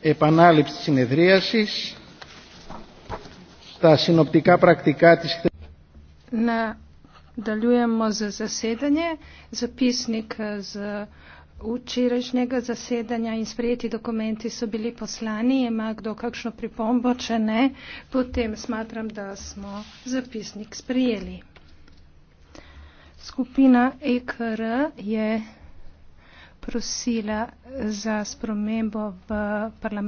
επανάληψη συνεδρίασης στα συνοπτικά πρακτικά της Να δαλούμε за заседание, записник за učerašnjega zasedanja in sprejeti dokumenti so bili poslani, ima kdo kakšno pripombo, če ne, potem smatram, da smo zapisnik sprejeli. Skupina EKR je prosila za spremembo v parlamentu.